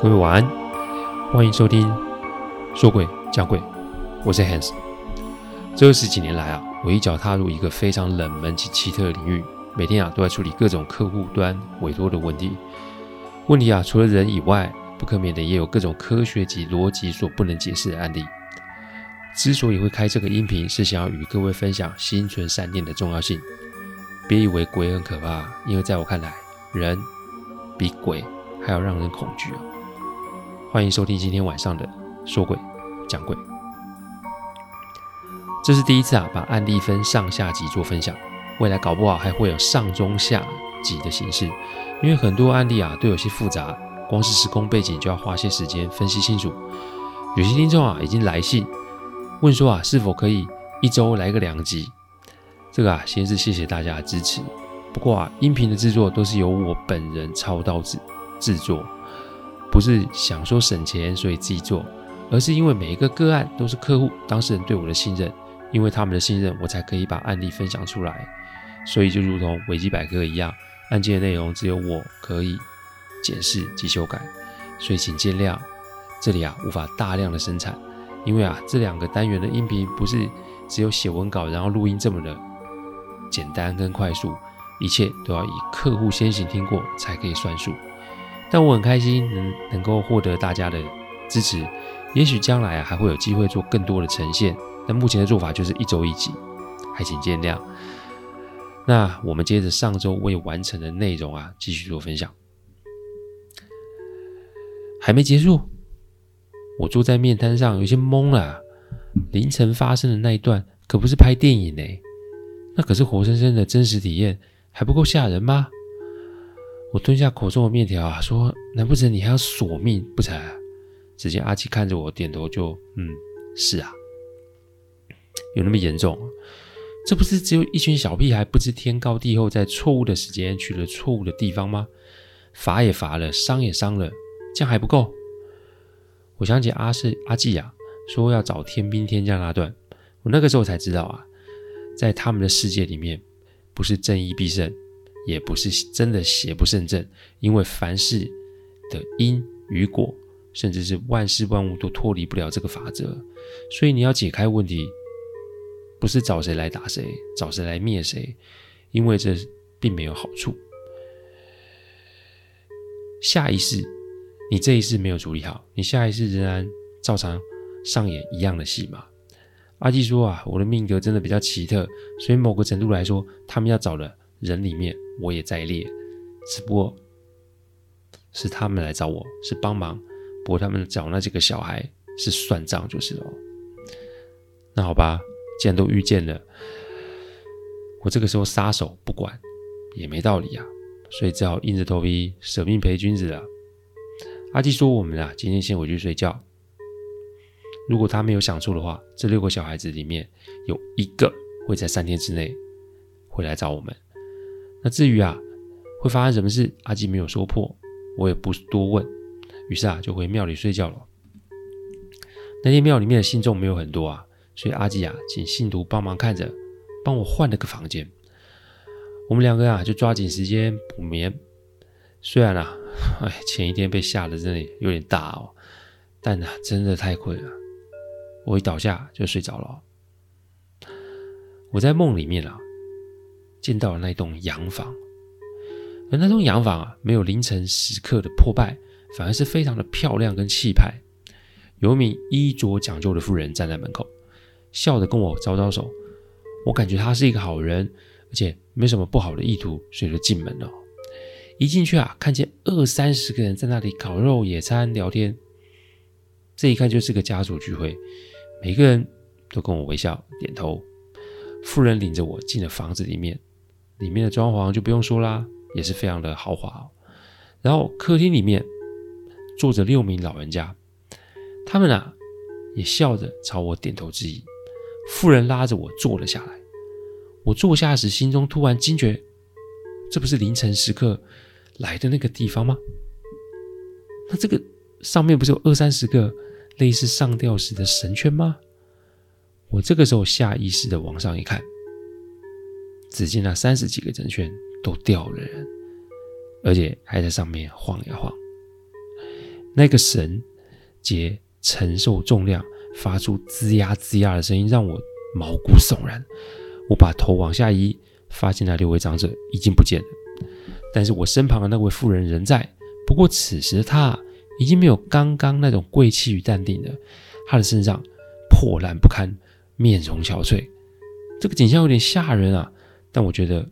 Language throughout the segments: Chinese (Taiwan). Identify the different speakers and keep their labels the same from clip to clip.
Speaker 1: 各位晚安，歡迎收聽說鬼講鬼，我是 Hans。這十幾年來啊，我一腳踏入一個非常冷門及奇特的領域，每天啊都在處理各種客戶端委托的問題。問題啊，除了人以外，不可避免的也有各種科學及邏輯所不能解釋的案例。之所以會開這個音頻，是想要與各位分享心存善念的重要性。別以為鬼很可怕，因為在我看來，人比鬼還要讓人恐懼啊！歡迎收聽今天晚上的說鬼講鬼。這是第一次啊，把案例分上下集做分享，未來搞不好還會有上中下集的形式，因為很多案例啊都有些複雜，光是時空背景就要花些時間分析清楚。有些聽眾啊已經來信問說啊，是否可以一周來個兩集？這個啊，先是謝謝大家的支持。不過啊，音頻的製作都是由我本人操刀製製作，不是想說省錢所以自己做，而是因為每一個個案都是客戶當事人對我的信任，因為他們的信任，我才可以把案例分享出來。所以就如同維基百科一樣，案件的內容只有我可以檢視及修改，所以請見諒，這裡啊無法大量的生產，因為啊這兩個單元的音頻不是只有寫文稿然後錄音這麼的簡單跟快速，一切都要以客戶先行聽過才可以算數。但我很開心能能夠獲得大家的支持，也許將來啊，還會有機會做更多的呈現。但目前的做法就是一周一集，還請見諒。那我們接着上周未完成的內容啊，繼續做分享。還沒結束，我坐在面攤上有些懵了。凌晨發生的那一段，可不是拍電影呢、欸。那可是活生生的真實體驗，還不夠嚇人嗎？我吞下口中的麵條啊，說：“難不成你還要索命不成、啊？”只見阿濟看着我，點頭就：“嗯，是啊，有那麼嚴重、啊？這不是只有一群小屁孩不知天高地厚，在錯誤的時間去了錯誤的地方嗎？罰也罰了，傷也傷了，這樣還不夠？”我想起阿是阿濟呀、啊，說要找天兵天將那段，我那個時候才知道啊。在他們的世界裡面，不是正義必勝，也不是真的邪不勝正，因為凡事的因與果，甚至是萬事萬物都脫離不了這個法則。所以你要解開問題，不是找誰來打誰，找誰來滅誰，因為這並沒有好處。下一世，你這一世沒有處理好，你下一世仍然照常上演一樣的戲碼。阿濟說：“啊，我的命格真的比較奇特，所以某個程度來說，他們要找的人裡面，我也在列。只不過，是他們來找我，是幫忙；不過他們找那幾個小孩，是算賬，就是了，那好吧，既然都遇見了，我這個時候撒手不管也沒道理啊，所以只好硬着頭皮捨命陪君子了。”阿濟說：“我們啊，今天先回去睡覺。”如果他沒有想錯的話，這六個小孩子裡面有一個會在三天之內會來找我們。那至於啊會發生什麼事，阿濟沒有說破，我也不多問。於是啊就回廟裡睡覺了。那天廟裡面的信眾沒有很多啊，所以阿濟啊請信徒幫忙看着，幫我換了個房間。我們兩個啊就抓緊時間補眠。雖然啊哎前一天被嚇得真的有點大哦，但啊，真的太困了。我一倒下就睡着了。我在夢裡面啊，見到了那棟洋房。而那棟洋房啊，沒有凌晨時刻的破敗，反而是非常的漂亮跟氣派。有一名衣着講究的婦人站在門口，笑着跟我招招手。我感覺他是一個好人，而且沒什麼不好的意圖，所以就進門了。一進去啊，看見二三十個人在那裡烤肉、野餐、聊天，這一看就是個家族聚會。每個人都跟我微笑點頭，婦人領着我進了房子裡面，裡面的裝潢就不用說啦，也是非常的豪華哦。然後客廳裡面坐着六名老人家，他們啊也笑着朝我點頭致意。婦人拉着我坐了下來，我坐下時心中突然驚覺，這不是凌晨時刻來的那個地方嗎？那這個上面不是有二三十個？類似上吊時的繩圈嗎？我這個時候下意識的往上一看，只見那三十幾個繩圈都掉了人，而且還在上面晃呀晃。那個繩結承受重量，發出吱呀吱呀的聲音，讓我毛骨悚然。我把頭往下移，發現那六位長者已經不見了，但是我身旁的那位婦人仍在，不過此時她，已經沒有剛剛那種貴氣與淡定了，她的身上破爛不堪，面容憔悴，這個景象有點嚇人啊！但我覺得，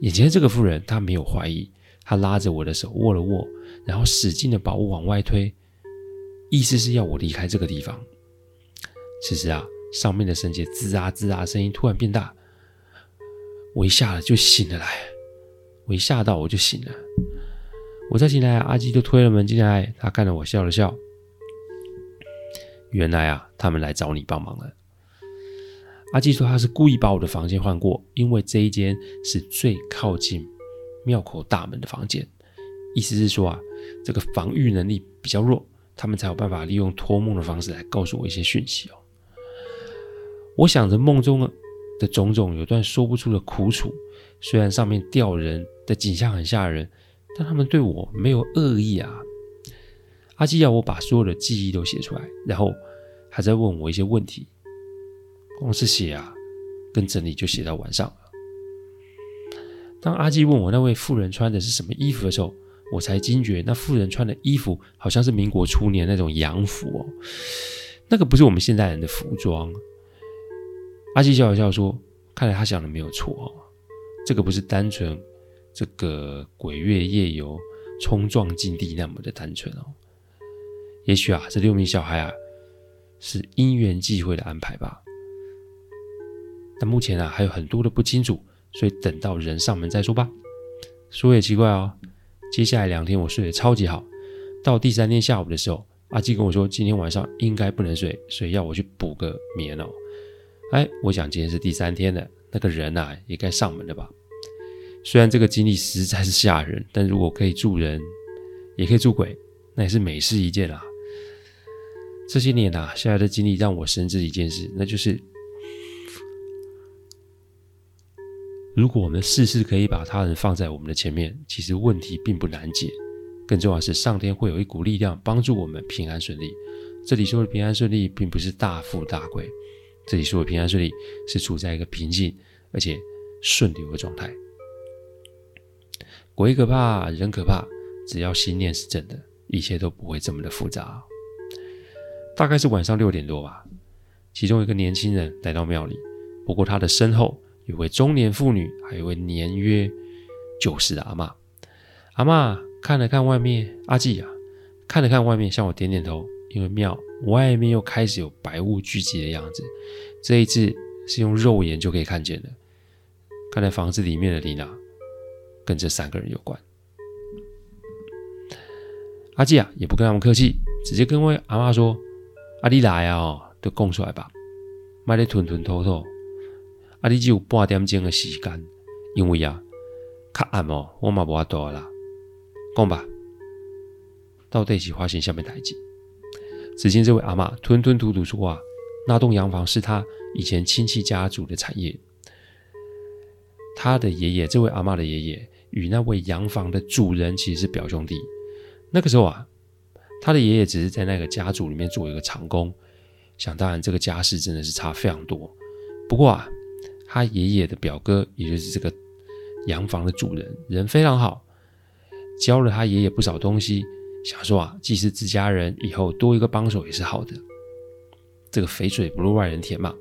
Speaker 1: 眼前的這個婦人，她沒有懷疑，她拉着我的手握了握，然後使勁的把我往外推，意思是要我離開這個地方。此時啊，上面的繩結吱啊吱啊，聲音突然變大，我一嚇了就醒了來，我一嚇到我就醒了。我再進來、啊，阿濟就推了門進來。他看着我笑了笑。原來啊，他們來找你幫忙了。阿濟說他是故意把我的房間換過，因為這一間是最靠近廟口大門的房間。意思是說啊，這個防禦能力比較弱，他們才有辦法利用托夢的方式來告訴我一些訊息哦。我想着夢中的種種，有段說不出的苦楚。雖然上面吊人的景象很嚇人。但他們對我沒有惡意啊！阿濟要我把所有的記憶都寫出來，然後還在問我一些問題。光是寫啊，跟整理就寫到晚上了。當阿濟問我那位婦人穿的是什麼衣服的時候，我才驚覺那婦人穿的衣服好像是民國初年那種洋服哦，那個不是我們現代人的服裝。阿濟笑了笑說：“看來他想的沒有錯哦。這個不是單純。”這個鬼月夜遊衝撞禁地那麼的單純哦，也許啊，這六名小孩啊是因緣際會的安排吧。但目前啊還有很多的不清楚，所以等到人上門再說吧。說也奇怪哦，接下來兩天我睡得超級好，到第三天下午的時候，阿濟跟我說，今天晚上應該不能睡，所以要我去補個眠哦。哎，我想今天是第三天的那個人啊，也該上門了吧。雖然這個經歷實在是嚇人，但如果可以助人，也可以助鬼，那也是美事一件啊。這些年啊，下來的經歷讓我深知一件事，那就是如果我們事事可以把他人放在我們的前面，其實問題並不難解。更重要的是，上天會有一股力量幫助我們平安順利。這裡說的平安順利，並不是大富大貴，這裡說的平安順利是處在一個平靜而且順流的狀態。鬼可怕，人可怕，只要心念是正的，一切都不會這麼的複雜。大概是晚上六點多吧，其中一個年輕人來到廟裡，不過他的身後有位中年婦女，還有位年約九十的阿嬤。阿嬤，看了看外面，阿濟啊，看了看外面，向我點點頭，因為廟外面又開始有白霧聚集的樣子，這一次是用肉眼就可以看見的。看來房子裡面的麗娜。跟這三個人有關。阿濟啊，也不跟他們客氣，直接跟位阿嬤說：“阿弟來啊，都講、哦、出來吧，別得吞吞吐吐。阿、啊、弟只有半點鐘的時間，因為啊，較暗哦，我嘛無法多了。講吧，到底是發生蝦米代誌。”只見這位阿嬤吞吞吐吐說啊，那棟洋房是他以前親戚家族的產業，他的爺爺，這位阿嬤的爺爺。”與那位洋房的主人其實是表兄弟。那個時候啊，他的爺爺只是在那個家族裡面做一個長工，想當然這個家世真的是差非常多。不過啊，他爺爺的表哥，也就是這個洋房的主人，人非常好，教了他爺爺不少東西。想說啊，既是自家人，以後多一個幫手也是好的。這個肥水不落外人田嘛。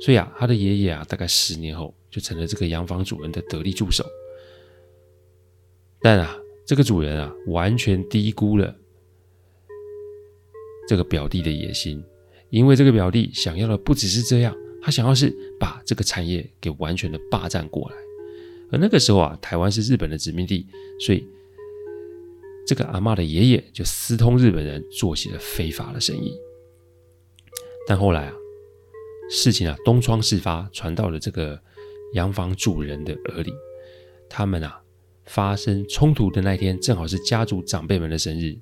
Speaker 1: 所以啊，他的爺爺啊，大概十年後就成了這個洋房主人的得力助手。但啊，這個主人啊，完全低估了這個表弟的野心，因為這個表弟想要的不只是這樣，他想要是把這個產業給完全的霸占過來。而那個時候啊，台灣是日本的殖民地，所以這個阿嬤的爺爺就私通日本人，做起了非法的生意。但後來啊，事情啊東窗事發，傳到了這個洋房主人的耳裡，他們啊。發生衝突的那天正好是家族長輩們的生日，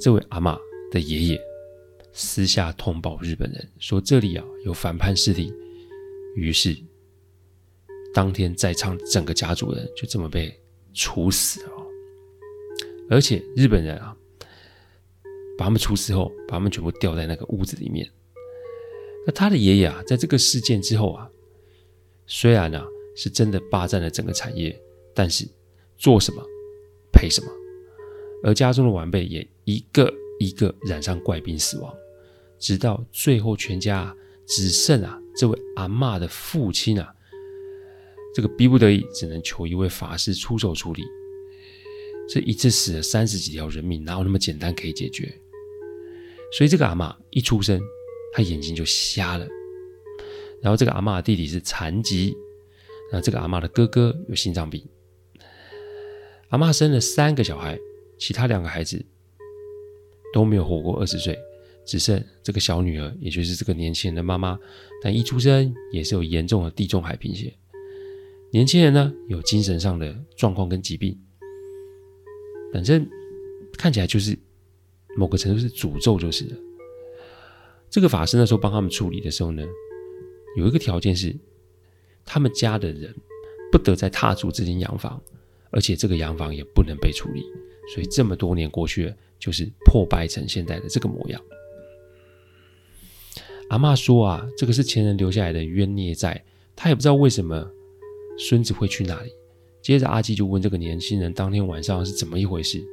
Speaker 1: 這位阿嬤的爺爺私下通報日本人說這裡啊有反叛勢力，於是當天在場整個家族人就這麼被處死了，而且日本人啊把他們處死後把他們全部吊在那個屋子裡面。那他的爺爺啊在這個事件之後啊雖然啊是真的霸占了整個產業，但是。做什麼賠什麼，而家中的晚輩也一個一個染上怪病死亡，直到最後全家只剩啊這位阿嬤的父親啊，這個逼不得已只能求一位法師出手處理。這一次死了三十幾條人命，哪有那麼簡單可以解決？所以這個阿嬤一出生，他眼睛就瞎了，然後這個阿嬤的弟弟是殘疾，那這個阿嬤的哥哥有心臟病。阿嬤生了三個小孩，其他兩個孩子都沒有活過二十歲，只剩這個小女兒，也就是這個年輕人的媽媽。但一出生也是有嚴重的地中海貧血。年輕人呢，有精神上的狀況跟疾病，反正看起來就是某個程度是詛咒，就是了。這個法師那時候幫他們處理的時候呢，有一個條件是，他們家的人不得再踏足這間洋房。而且這個洋房也不能被處理，所以這麼多年過去了，就是破敗成現在的這個模樣。阿嬤說啊，這個是前人留下來的冤孽債，她也不知道為什麼孫子會去那裡。接着阿基就問這個年輕人，當天晚上是怎麼一回事？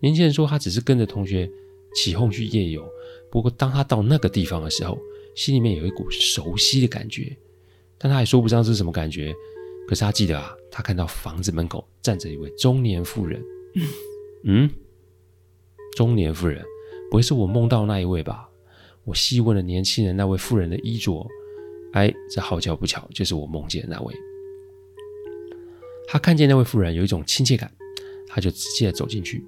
Speaker 1: 年輕人說，他只是跟着同學起哄去夜遊，不過當他到那個地方的時候，心裡面有一股熟悉的感覺，但他也說不上是什麼感覺。可是他記得啊，他看到房子門口站着一位中年婦人。嗯？中年婦人不會是我夢到的那一位吧？我細問了年輕人，那位婦人的衣着。哎，這好巧不巧，就是我夢見的那位。他看見那位婦人有一種親切感，他就直接走進去。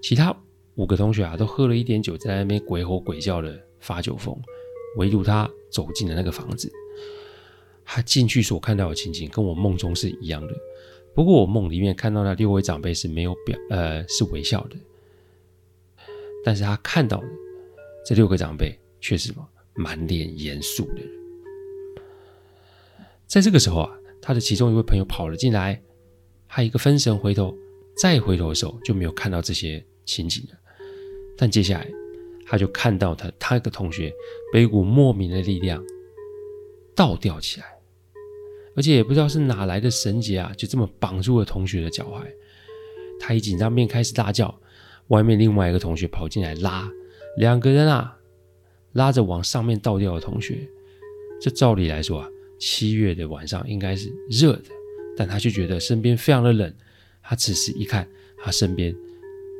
Speaker 1: 其他五個同學啊，都喝了一點酒，在那邊鬼吼鬼叫的發酒瘋，唯獨他走進了那個房子。他進去所看到的情景跟我夢中是一樣的，不過我夢裡面看到的六位長輩是沒有表，呃，是微笑的，但是他看到的這六個長輩卻是什麼滿臉嚴肅的人。在這個時候啊，他的其中一位朋友跑了進來，他一個分神回頭，再回頭的時候就沒有看到這些情景了。但接下來他就看到他他的同學被一股莫名的力量倒吊起來。而且也不知道是哪來的繩結啊，就這麼綁住了同學的腳踝。他一緊張便開始大叫，外面另外一個同學跑進來拉，兩個人啊拉着往上面倒吊的同學。這照理來說啊，七月的晚上應該是熱的，但他卻覺得身邊非常的冷。他此時一看，他身邊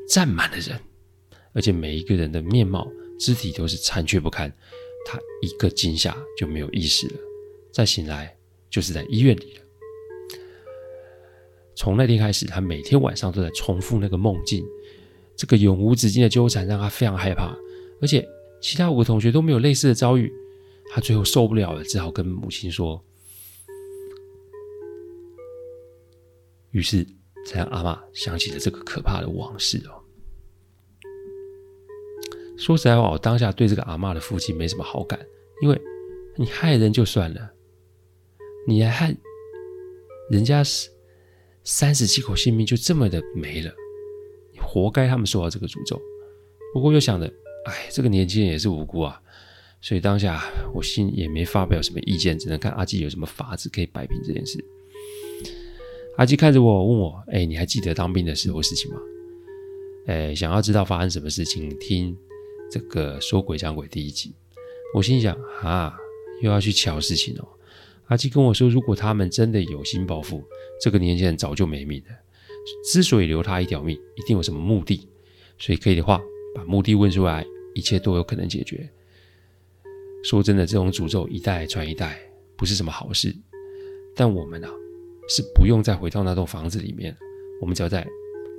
Speaker 1: 站滿了人，而且每一個人的面貌、肢體都是殘缺不堪。他一個驚嚇就沒有意識了，再醒來，就是在醫院裡了。從那天開始，他每天晚上都在重複那個夢境，這個永無止境的糾纏讓他非常害怕。而且其他五個同學都沒有類似的遭遇，他最後受不了了，只好跟母親說。於是，才讓阿嬤想起了這個可怕的往事哦。說實在話，我當下對這個阿嬤的父親沒什麼好感，因為你害人就算了，你害人家三三十七口性命就這麼的沒了，你活該！他們受到這個詛咒。不過又想着，哎，這個年輕人也是無辜啊，所以當下我心也沒發表什麼意見，只能看阿濟有什麼法子可以擺平這件事。阿濟看着我，問我：“哎，你還記得當兵的時候事情嗎？”“哎，想要知道發生什麼事情，聽這個《說鬼講鬼》第一集。”我心想：“啊，又要去喬事情哦。”阿濟跟我說：“如果他們真的有心報復，這個年輕人早就沒命了。之所以留他一條命，一定有什麼目的。所以，可以的話，把目的問出來，一切都有可能解決。說真的，這種詛咒一代傳一代，不是什麼好事。但我們啊，是不用再回到那棟房子裡面，我們只要在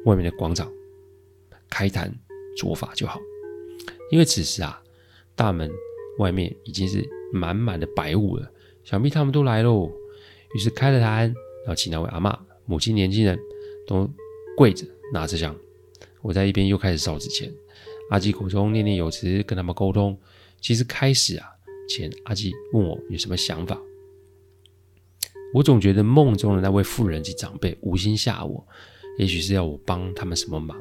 Speaker 1: 外面的廣場開壇做法就好。因為此時啊，大門外面已經是滿滿的白霧了。”想必他們都來嘍，於是開了壇，然後請那位阿嬤、母親、年輕人都跪着，拿着香，我在一邊又開始燒紙錢。阿濟口中念念有詞，跟他們溝通。其實開始啊，前阿濟問我有什麼想法。我總覺得夢中的那位婦人及長輩無心嚇我，也許是要我幫他們什麼忙。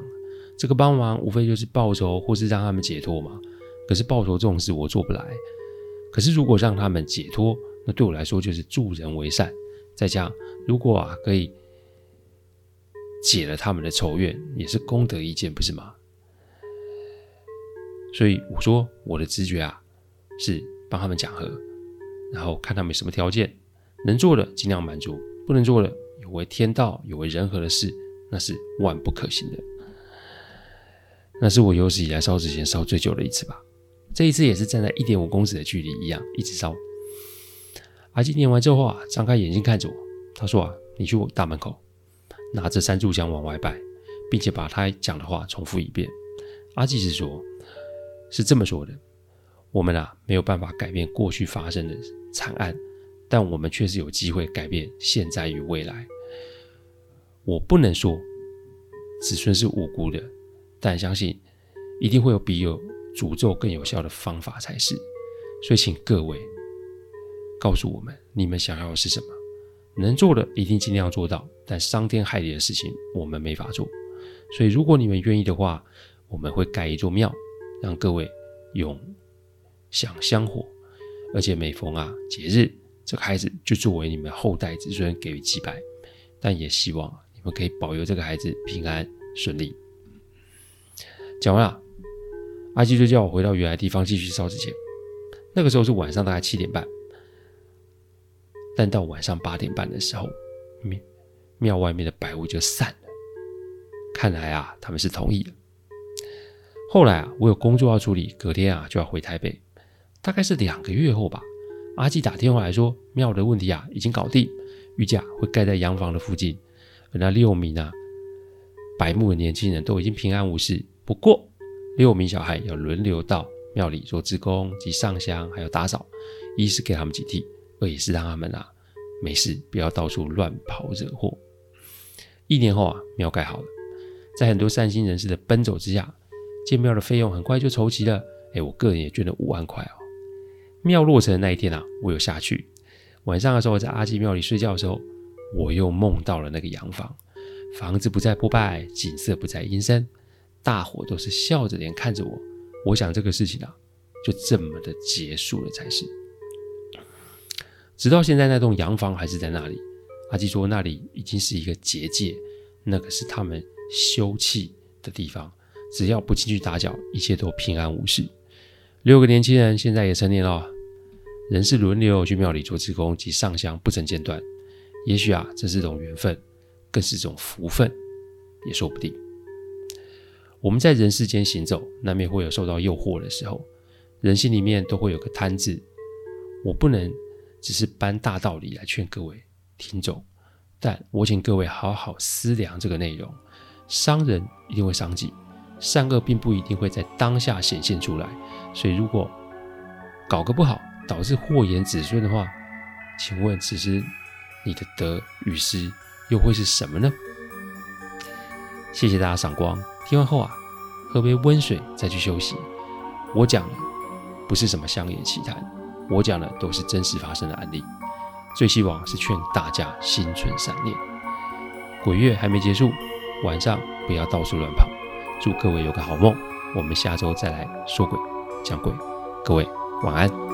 Speaker 1: 這個幫忙無非就是報仇或是讓他們解脫嘛。可是報仇這種事我做不來，可是如果讓他們解脫，那對我來說就是助人為善，再加上如果啊可以解了他們的仇怨，也是功德一件，不是嗎？所以我說我的直覺啊是幫他們講和，然後看他們什麼條件，能做的儘量滿足，不能做的有違天道、有違人和的事，那是萬不可行的。那是我有史以來燒紙錢燒最久的一次吧，這一次也是站在一點五公尺的距離一樣一直燒。阿濟念完之後啊，張開眼睛看着我。他說：“啊，你去我大門口，拿着三炷香往外拜，並且把他講的話重複一遍。”阿濟是說：“是這麼說的。我們啊，沒有辦法改變過去發生的慘案，但我們確實有機會改變現在與未來。我不能說子孫是無辜的，但相信一定會有比有詛咒更有效的方法才是。所以，請各位。”告訴我們，你們想要的是什麼，能做的一定盡量做到，但傷天害理的事情我們沒法做。所以如果你們願意的話，我們會蓋一座廟，讓各位永享香火，而且每逢啊節日，這個孩子就作為你們後代子孫給予祭拜。但也希望你們可以保佑這個孩子平安順利。講完了，阿濟就叫我回到原來的地方繼續燒紙錢。那個時候是晚上大概七點半。但到晚上八點半的時候，廟廟外面的白霧就散了。看來啊，他們是同意了。後來啊，我有工作要處理，隔天啊就要回台北。大概是兩個月後吧，阿濟打電話來說，廟的問題啊已經搞定，預計會蓋在洋房的附近。而那六名啊白目的年輕人都已經平安無事。不過，六名小孩要輪流到廟裡做志工及上香，還有打掃，一是給他們警惕。而也是讓他們啊，沒事，不要到處亂跑惹禍。一年後啊，廟蓋好了，在很多善心人士的奔走之下，建廟的費用很快就籌集了。哎、欸，我個人也捐了五萬塊哦。廟落成的那一天啊，我有下去。晚上的時候，在阿濟廟裡睡覺的時候，我又夢到了那個洋房，房子不再破敗，景色不再陰森，大夥都是笑着臉看着我。我想這個事情啊，就這麼的結束了才是。直到現在，那棟洋房還是在那裡。阿基說：“那裡已經是一個結界，那個是他們休憩的地方。只要不進去打攪，一切都平安無事。”六個年輕人現在也成年了，仍是輪流去廟裡做志工及上香，不曾間斷。也許啊，這是一種緣分，更是一種福分，也說不定。我們在人世間行走，難免會有受到誘惑的時候，人心裡面都會有個貪字。我不能。只是搬大道理來勸各位聽眾，但我請各位好好思量這個內容。傷人一定會傷己，善惡並不一定會在當下顯現出來。所以如果搞個不好，導致禍延子孫的話，請問此時你的得與失又會是什麼呢？謝謝大家賞光。聽完後啊，喝杯溫水再去休息。我講的不是什麼鄉野奇談。我講的都是真實發生的案例，最希望是勸大家心存善念。鬼月還沒結束，晚上不要到處亂跑，祝各位有個好夢。我們下周再來說鬼，講鬼。各位晚安。